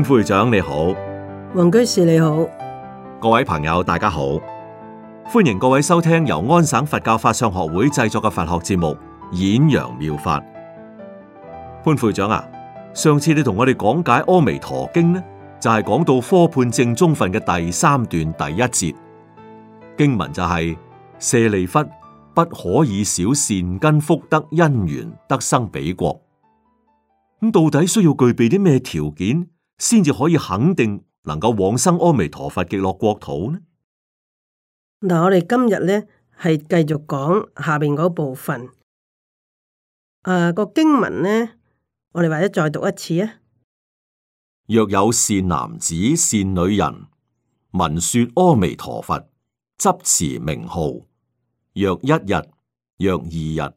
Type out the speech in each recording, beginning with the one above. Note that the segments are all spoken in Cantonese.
潘會長你好，黃居士你好，各位朋友大家好，歡迎各位收聽由安省佛教法相學會製作嘅佛學節目《演揚妙，妙法》。潘會長啊，上次你同我哋講解《阿彌陀經》呢，就係、是、講到《科判正宗分》嘅第三段第一節經文就係、是：舍利弗，不可以少善根福德因緣得生彼國。咁到底需要具備啲咩條件？先至可以肯定能夠往生阿彌陀佛極樂國土呢？嗱，我哋今日咧係繼續講下邊嗰部分。誒、呃，個經文咧，我哋或者再讀一次啊。若有善男子、善女人，聞說阿彌陀佛，執持名號，若一日、若二日、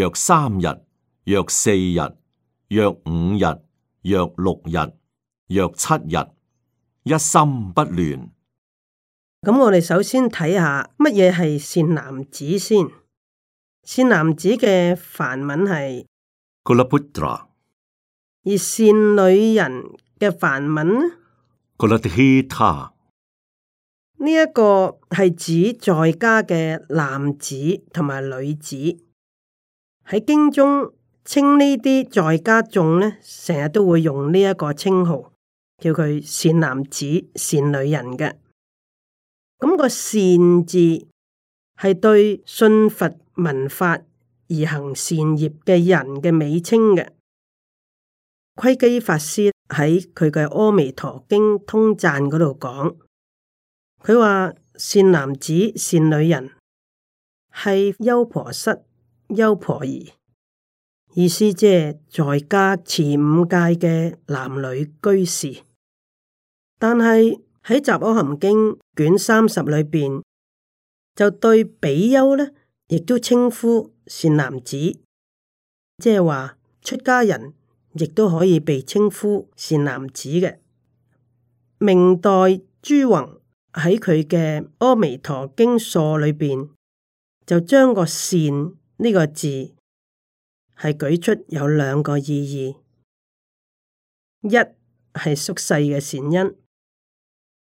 若三日、若四日、若五日、若六日。若七日一心不亂，咁我哋首先睇下乜嘢係善男子先。善男子嘅梵文係 Kulaputra，而善女人嘅梵文呢？Kulapita。呢一個係指在家嘅男子同埋女子，喺經中稱呢啲在家眾呢，成日都會用呢一個稱號。叫佢善男子、善女人嘅，咁、那個善字係對信佛聞法而行善業嘅人嘅美稱嘅。窺基法師喺佢嘅《阿彌陀經通贊》嗰度講，佢話善男子、善女人係優婆塞、優婆夷，意思即係在家持五戒嘅男女居士。但係喺《雜阿含經》卷三十裏邊，就對比丘呢，亦都稱呼善男子，即係話出家人亦都可以被稱呼善男子嘅。明代朱宏喺佢嘅《阿彌陀經疏》裏邊，就將個善呢個字係舉出有兩個意義，一係宿世嘅善因。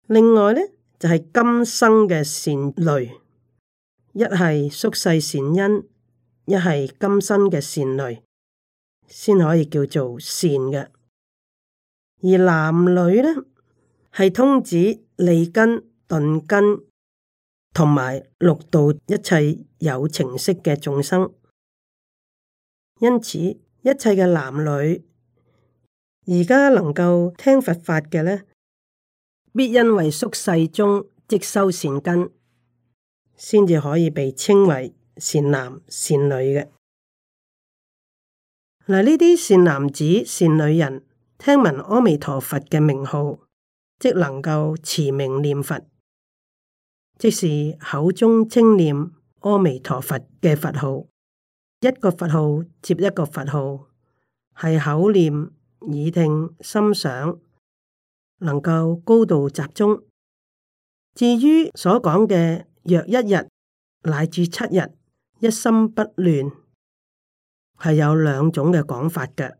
另外咧，就係、是、今生嘅善類，一係宿世善因，一係今生嘅善類，先可以叫做善嘅。而男女咧，係通指利根、頓根同埋六道一切有情識嘅眾生。因此，一切嘅男女而家能夠聽佛法嘅咧。必因為宿世中積修善根，先至可以被稱為善男善女嘅。嗱，呢啲善男子善女人聽聞阿彌陀佛嘅名號，即能夠持名念佛，即是口中稱念阿彌陀佛嘅佛號，一個佛號接一個佛號，係口念耳聽心想。能夠高度集中。至於所講嘅若一日乃至七日一心不亂，係有兩種嘅講法嘅。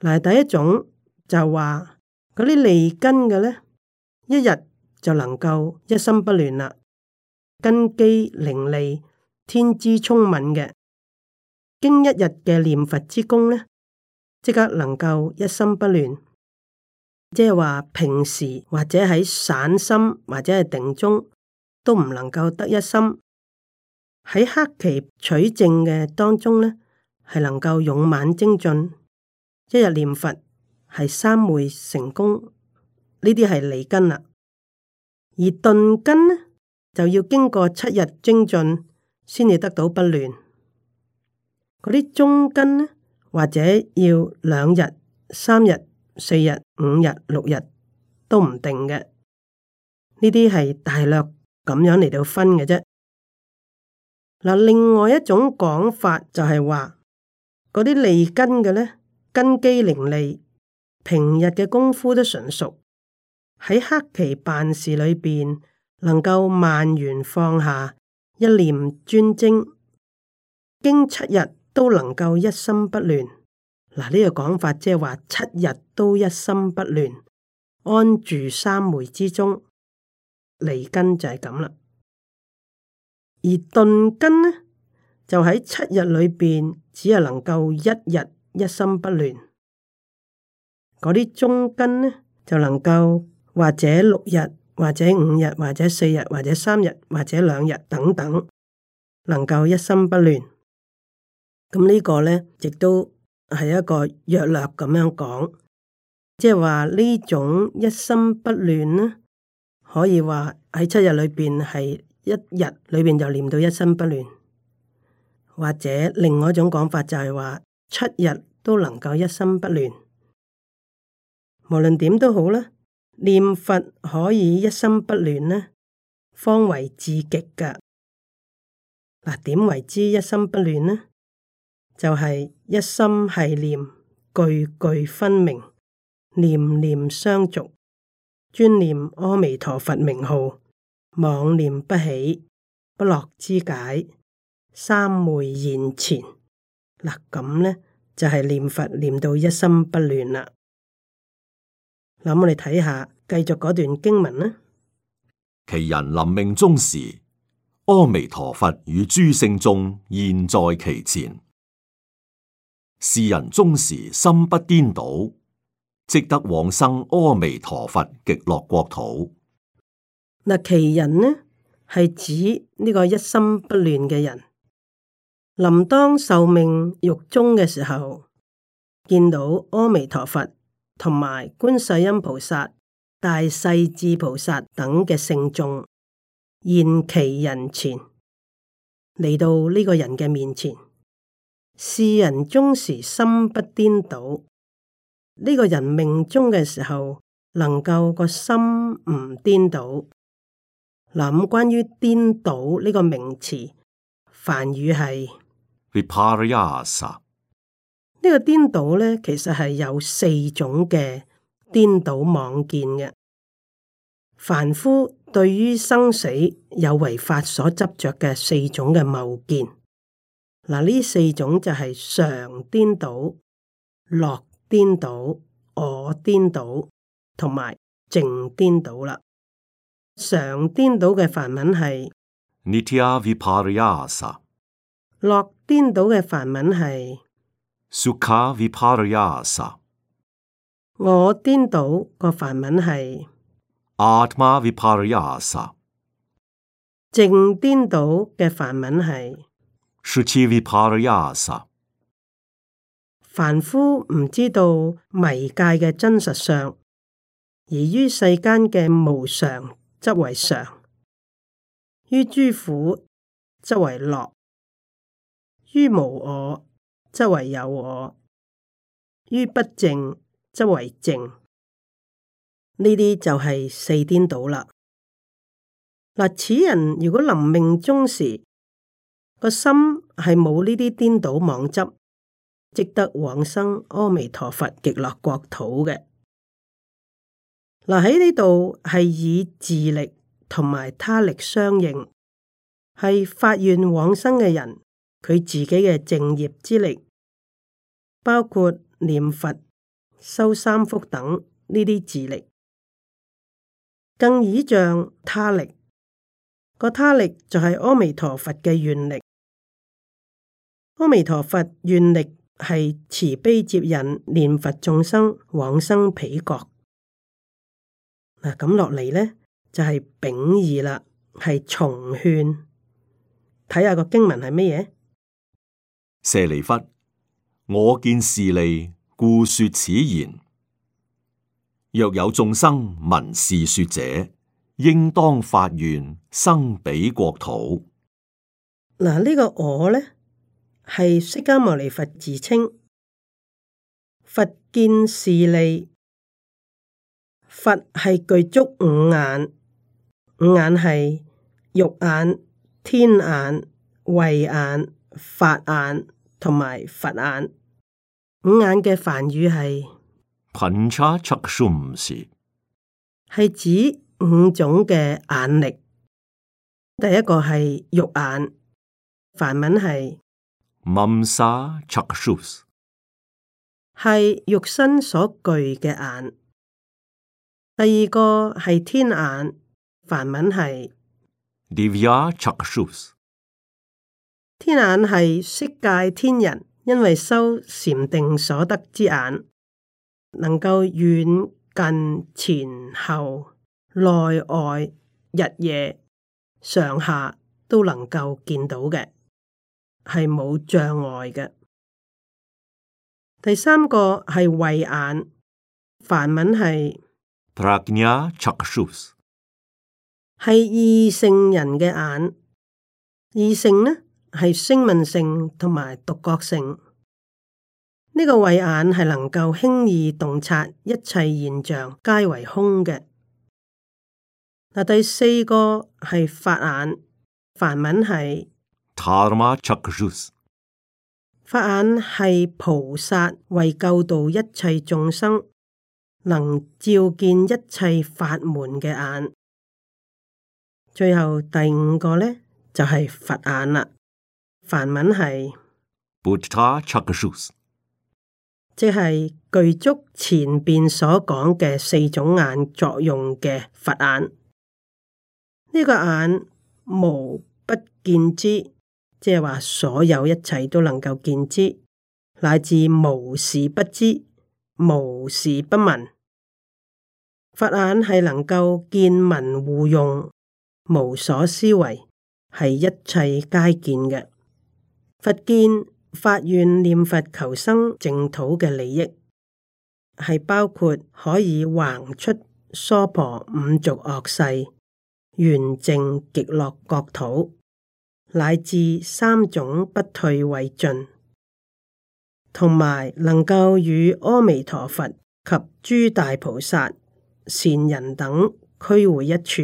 嗱，第一種就話嗰啲利根嘅咧，一日就能夠一心不亂啦，根基伶俐、天資聰敏嘅，經一日嘅念佛之功咧，即刻能夠一心不亂。即係話平時或者喺散心或者係定中都唔能夠得一心喺剋期取證嘅當中呢係能夠勇猛精進一日念佛係三回成功呢啲係利根啦，而鈍根呢就要經過七日精進先至得到不亂嗰啲中根呢或者要兩日三日。四日、五日、六日都唔定嘅，呢啲係大略咁樣嚟到分嘅啫。嗱，另外一種講法就係話，嗰啲利根嘅咧，根基伶俐，平日嘅功夫都純熟，喺黑棋辦事裏邊，能夠萬緣放下，一念專精，經七日都能夠一心不亂。嗱，呢個講法即係話七日都一心不亂，安住三昧之中，利根就係咁啦。而鈍根呢，就喺七日裏邊，只係能夠一日一心不亂。嗰啲中根呢，就能夠或者六日，或者五日，或者四日，或者三日，或者兩日等等，能夠一心不亂。咁呢個呢，亦都，係一個約略咁樣講，即係話呢種一心不亂呢，可以話喺七日裏邊係一日裏邊就念到一心不亂，或者另外一種講法就係話七日都能夠一心不亂，無論點都好啦，念佛可以一心不亂呢，方為至極噶。嗱，點為之一心不亂呢？就係、是。一心繫念，句句分明，念念相續，專念阿彌陀佛名號，妄念不起，不落之解，三昧現前。嗱咁呢，就係、是、念佛念到一心不亂啦。嗱，我哋睇下繼續嗰段經文啦。其人臨命終時，阿彌陀佛與諸聖眾現在其前。是人終時心不顛倒，即得往生阿彌陀佛極樂國土。嗱，其人呢係指呢個一心不亂嘅人，臨當受命欲終嘅時候，見到阿彌陀佛同埋觀世音菩薩、大勢至菩薩等嘅聖眾現其人前，嚟到呢個人嘅面前。是人終時心不顛倒，呢、這個人命中嘅時候，能夠個心唔顛倒。嗱、嗯、咁，關於顛倒呢個名詞，梵語係。呢個顛倒咧，其實係有四種嘅顛倒妄見嘅。凡夫對於生死有為法所執着嘅四種嘅謬見。嗱，呢四種就係常顛倒、樂顛倒、我顛倒同埋靜顛倒啦。常顛倒嘅梵文係 nitya viparyasa，樂顛倒嘅梵文係 sukha viparyasa，我顛倒個梵文係 atma viparyasa，靜顛倒嘅梵文係。是其為怕而亞十，凡夫唔知道迷界嘅真實相，而於世間嘅無常則為常；於諸苦則為樂；於無我則為有我；於不淨則為淨。呢啲就係四顛倒啦。嗱，此人如果臨命終時，個心係冇呢啲顛倒妄執，值得往生阿彌陀佛極樂國土嘅。嗱，喺呢度係以自力同埋他力相應，係發願往生嘅人，佢自己嘅正業之力，包括念佛、修三福等呢啲自力，更倚仗他力。個他力就係阿彌陀佛嘅願力。阿彌陀佛願力係慈悲接引念佛眾生往生彼國。嗱，咁落嚟咧就係丙二啦，係重勸。睇下個經文係乜嘢？舍利弗，我見是利，故說此言。若有眾生聞是說者，應當發願生彼國土。嗱呢、啊，這個我咧？係釋迦牟尼佛自稱，佛見是利，佛係具足五眼，五眼係肉眼、天眼、慧眼、法眼同埋佛,佛眼。五眼嘅梵語係品差測數五時，係指五種嘅眼力。第一個係肉眼，梵文係。Mamsa Chakshus 係肉身所具嘅眼。第二個係天眼，梵文係 Divya Chakshus。天眼係色界天人，因為修禪定所得之眼，能夠遠近前後內外日夜上下都能夠見到嘅。係冇障礙嘅。第三個係慧眼，梵文係，係異性人嘅眼。異性呢，係聲聞性同埋獨覺性。呢、這個慧眼係能夠輕易洞察一切現象皆為空嘅。嗱，第四個係法眼，梵文係。法眼係菩薩為救度一切眾生，能照見一切法門嘅眼。最後第五個呢，就係、是、佛眼啦。梵文係，即係具足前邊所講嘅四種眼作用嘅佛眼。呢、這個眼無不見之。即係話，所有一切都能夠見之，乃至無事不知、無事不聞。佛眼係能夠見聞互用，無所思維，係一切皆見嘅。佛見、法願、念佛求生淨土嘅利益，係包括可以橫出娑婆五濁惡世，圓證極樂國土。乃至三種不退為盡，同埋能夠與阿彌陀佛及諸大菩薩善人等俱會一處，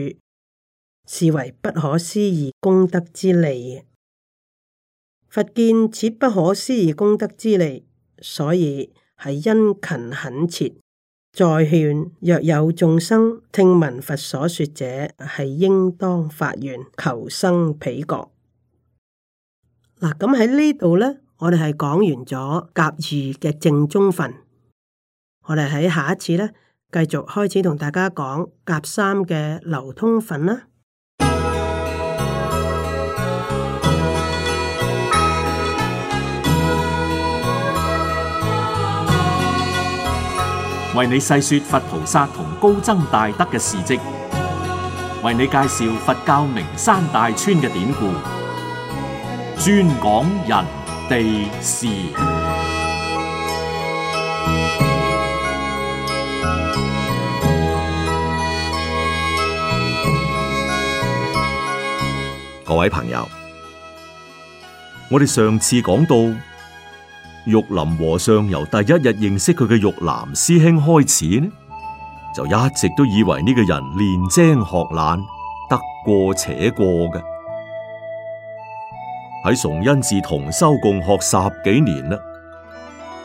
是為不可思議功德之利。佛見此不可思議功德之利，所以係殷勤懇切再勸：若有眾生聽聞佛所說者，係應當發願求生彼國。嗱，咁喺呢度呢，我哋係講完咗甲二嘅正宗分，我哋喺下一次呢，繼續開始同大家講甲三嘅流通分啦。為你細說佛菩薩同高僧大德嘅事跡，為你介紹佛教名山大川嘅典故。專講人地事， 各位朋友，我哋上次講到玉林和尚由第一日認識佢嘅玉蘭師兄開始，呢就一直都以為呢個人練精學懶，得過且過㗎。喺崇恩寺同修共學十幾年啦，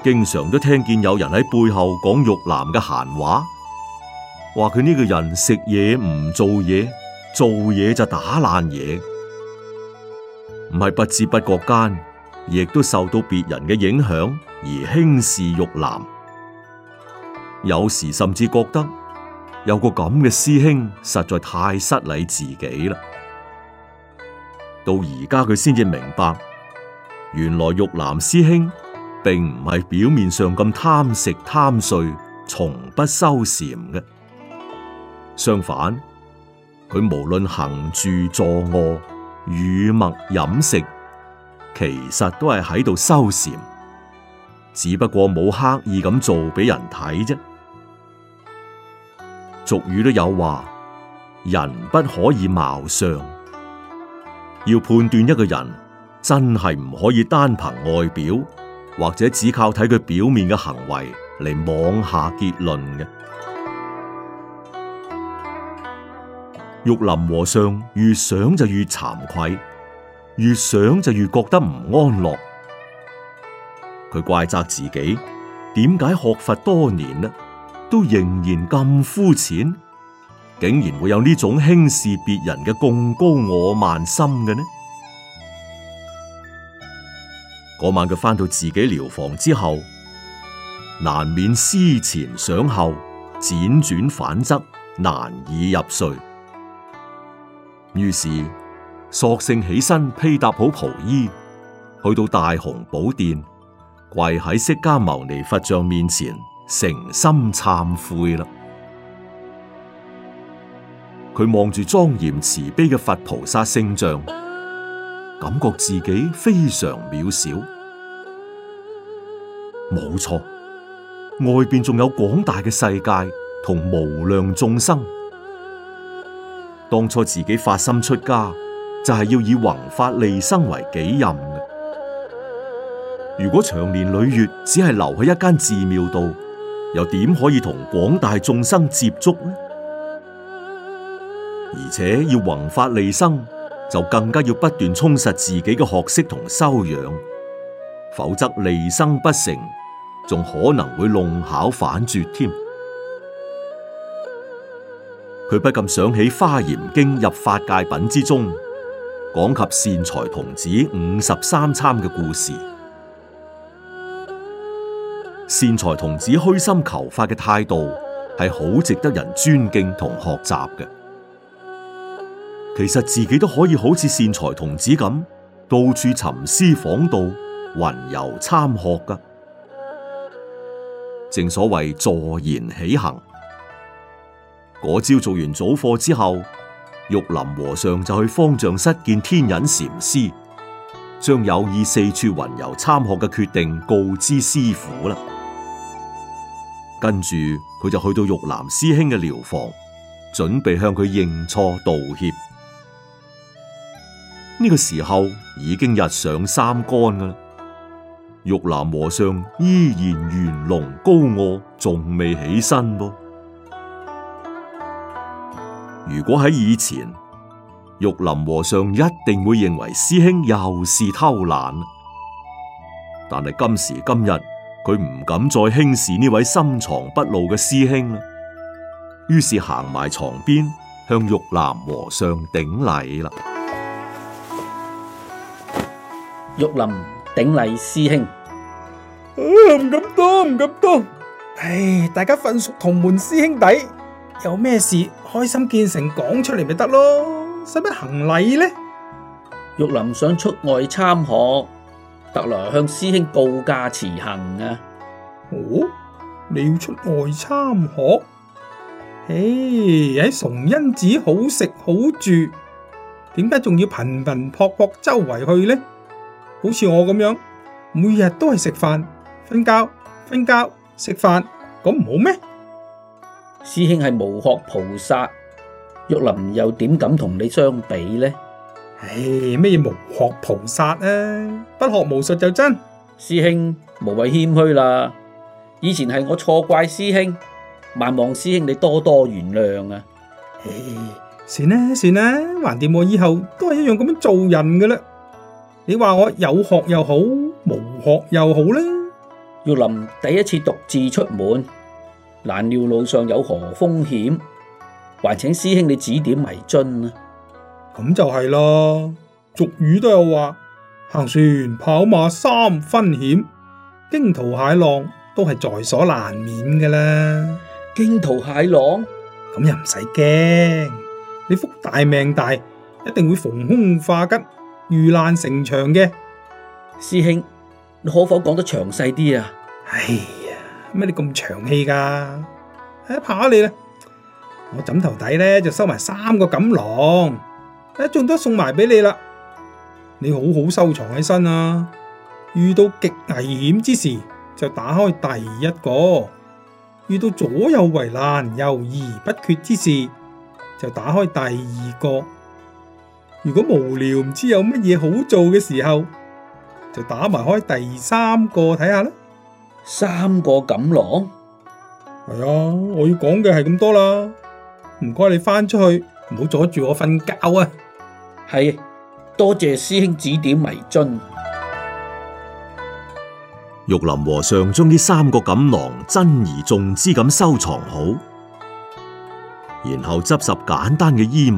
經常都聽見有人喺背後講玉林嘅閒話，話佢呢個人食嘢唔做嘢，做嘢就打爛嘢，唔係不知不覺間，亦都受到別人嘅影響而輕視玉林，有時甚至覺得有個咁嘅師兄實在太失禮自己啦。到而家佢先至明白，原來玉林師兄並唔係表面上咁貪食貪睡，從不修禪嘅。相反，佢無論行住坐臥、語默飲食，其實都係喺度修禪，只不過冇刻意咁做俾人睇啫。俗語都有話：人不可以貌相。要判斷一個人真係唔可以單憑外表，或者只靠睇佢表面嘅行為嚟，妄下結論嘅。玉林和尚越想就越慚愧，越想就越覺得唔安樂。佢怪責自己，點解學佛多年呢，都仍然咁膚淺？竟然會有呢種輕視別人嘅貢高我慢心嘅呢？嗰晚佢返到自己寮房之後，難免思前想後，輾轉反側，難以入睡。於是索性起身披搭好袍衣，去到大雄寶殿，跪喺釋迦牟尼佛像面前，誠心懺悔啦。佢望住莊嚴慈悲嘅佛菩薩聖像，感覺自己非常渺小。冇錯，外邊仲有廣大嘅世界同無量眾生。當初自己發心出家，就係要以弘法利生為己任嘅。如果長年累月只係留喺一間寺廟度，又點可以同廣大眾生接觸呢？而且要弘法利生，就更加要不斷充實自己嘅學識同修養，否則利生不成，仲可能會弄巧反拙添。佢不禁想起《華嚴經》入法界品之中，講及善財童子五十三參嘅故事。善財童子虛心求法嘅態度，係好值得人尊敬同學習嘅。其實自己都可以好似善財童子咁，到處尋師訪道，雲遊參學噶。正所謂坐言起行。嗰朝做完早課之後，玉林和尚就去方丈室見天隱禪師，將有意四處雲遊參學嘅決定告知師傅啦。跟住佢就去到玉林師兄嘅寮房，準備向佢認錯道歉。呢個時候已經日上三竿啦，玉林和尚依然元龍高卧，仲未起身噃。如果喺以前，玉林和尚一定會認為師兄又是偷懶，但係今時今日，佢唔敢再輕視呢位深藏不露嘅師兄啦。於是行埋床邊，向玉林和尚頂禮啦。玉林頂禮師兄，唔敢當，唔敢當。唉，大家份屬同門師兄弟，有咩事開心見誠講出嚟咪得咯，使乜行禮呢？玉林想出外參學，特來向師兄告假辭行啊！哦，你要出外參學？嘿，喺崇恩寺好食好住，點解仲要頻頻撲撲周圍去呢？好似我咁樣，每日都係食飯、瞓覺、瞓覺、食飯，咁唔好咩？師兄係無學菩薩，玉林又點敢同你相比呢？唉，咩無學菩薩啊？不學無術就真。師兄無謂謙虛啦，以前係我錯怪師兄，萬望師兄你多多原諒啊。唉，算啦算啦，橫掂我以後都係一樣咁樣做人㗎啦。你話我有學又好，無學又好呢。玉林第一次獨自出門，難料路上有何風險，還請師兄你指點迷津啊。咁就係啦，俗語都有話：行船跑馬三分險，驚濤駭浪都係在所難免嘅啦。驚濤駭浪，咁又唔使驚，你福大命大，一定會逢凶化吉。遇難成祥嘅。師兄，你可否講得詳細啲啊？哎呀，乜你咁長氣噶？誒，怕你啦！我枕頭底咧就收埋三個錦囊，一仲都送埋俾你啦。你好好收藏起身啊！遇到極危險之時就打開第一個，遇到左右為難、猶豫不決之時就打開第二個。如果無聊唔知有乜嘢好做嘅時候，就打埋開第三個睇下啦。三個錦囊？係啊，我要講嘅係咁多啦。唔該你翻出去，唔好阻住我瞓覺啊。係，多謝師兄指點迷津。玉林和尚將呢三個錦囊珍而重之咁收藏好，然後執拾簡單嘅衣物。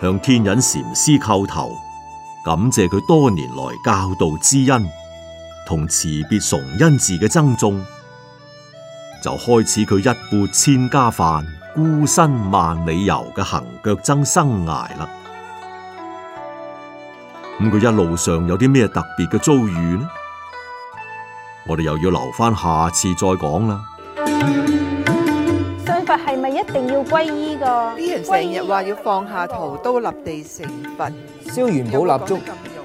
向天隱禪師叩頭，感謝佢多年來教導之恩，同辭別崇恩寺嘅僧眾，就開始佢一缽千家飯、孤身萬里遊嘅行腳僧生涯啦。咁佢一路上有啲咩特別嘅遭遇呢？我哋又要留翻下，下次再講啦。係咪一定要皈依噶？啲人成日話要放下屠刀立地成佛，燒元寶蠟燭、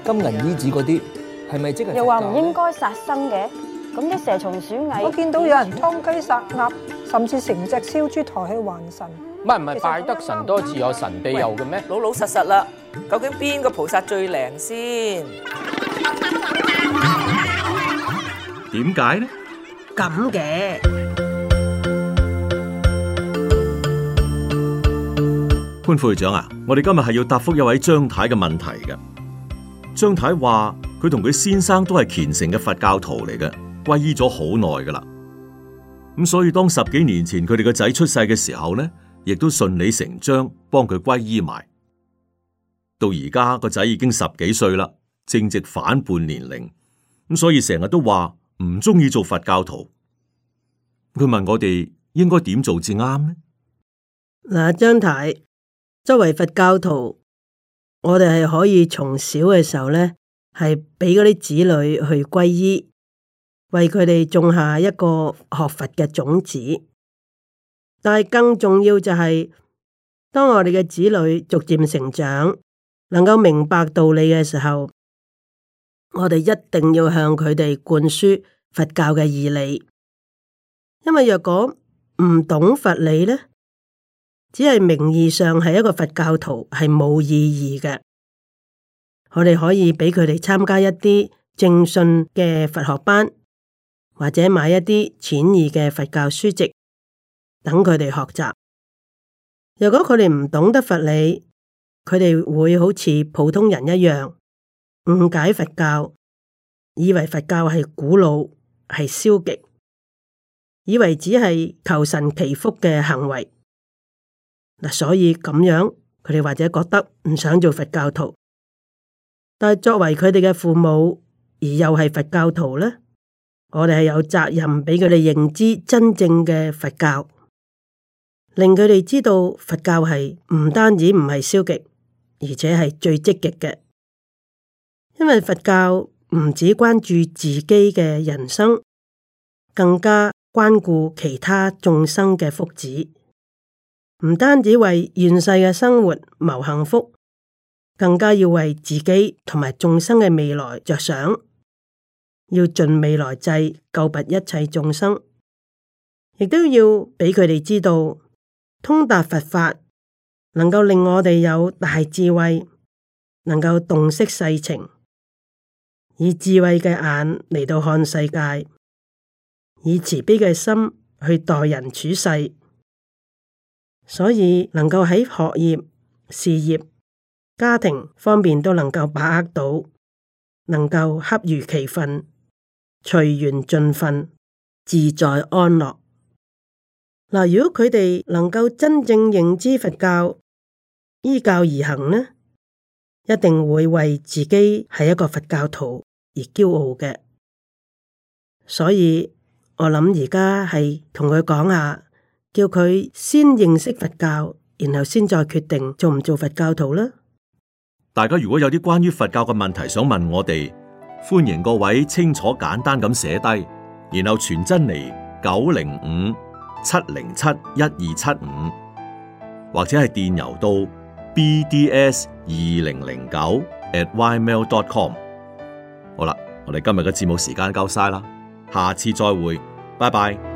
金銀衣紙嗰啲，係咪即係？又話唔應該殺生嘅，咁啲蛇蟲鼠蟻，我見到有人劏雞殺鴨，甚至成隻燒豬抬去還神。唔係唔係，拜得神多自有神庇佑嘅咩？老老實實啦，究竟邊個菩薩最靈先？點解呢？咁嘅。潘副會長啊，我哋今日係要答覆一位張太嘅問題嘅。張太話佢同佢先生都係虔誠嘅佛教徒嚟嘅，皈依咗好耐噶啦。咁所以當十幾年前佢哋個仔出世嘅時候咧，亦都順理成章幫佢皈依埋。到而家個仔已經十幾歲啦，正值反叛年齡，咁所以成日都話唔中意做佛教徒。佢問我哋應該點做至啱呢？嗱，張太。作為佛教徒，我哋係可以從小嘅時候呢，係畀嗰啲子女去皈依，為佢哋種下一個學佛嘅種子。但係更重要就係、是，當我哋嘅子女逐漸成長，能夠明白道理嘅時候，我哋一定要向佢哋灌輸佛教嘅義理。因為若果唔懂佛理呢，只係名義上係一個佛教徒，係冇意義嘅。我哋可以畀佢哋參加一啲正信嘅佛學班，或者買一啲淺易嘅佛教書籍，等佢哋學習。如果佢哋唔懂得佛理，佢哋會好似普通人一樣，誤解佛教，以為佛教係古老、係消極，以為只係求神祈福嘅行為。所以咁樣，佢哋或者覺得唔想做佛教徒，但係作為佢哋嘅父母，而又係佛教徒呢，我哋係有責任畀佢哋認知真正嘅佛教，令佢哋知道佛教係唔單止唔係消極，而且係最積極嘅。因為佛教唔止關注自己嘅人生，更加關顧其他眾生嘅福祉。唔單止為現世嘅生活謀幸福，更加要為自己同埋眾生嘅未來着想，要盡未來際救拔一切眾生，亦都要畀佢哋知道，通達佛法能夠令我哋有大智慧，能夠洞悉世情，以智慧嘅眼嚟到看世界，以慈悲嘅心去待人處世。所以能夠喺學業、事業、家庭方面都能夠把握到，能夠恰如其分、隨緣盡分、自在安樂。嗱，如果佢哋能夠真正認知佛教，依教而行呢，一定會為自己係一個佛教徒而驕傲嘅。所以我諗而家係同佢講下。叫佢先認識佛教，然後先再決定做唔做佛教徒啦。大家如果有啲關於佛教嘅問題想問我哋，歡迎各位清楚簡單咁寫低，然後傳真嚟，九零五七零七一二七五，75，或者係電郵到 bds 二零零九 at ymail.com。好啦，我哋今日嘅節目時間夠晒啦，下次再會，拜拜。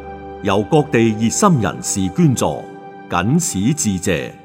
由各地熱心人士捐助，僅此致謝。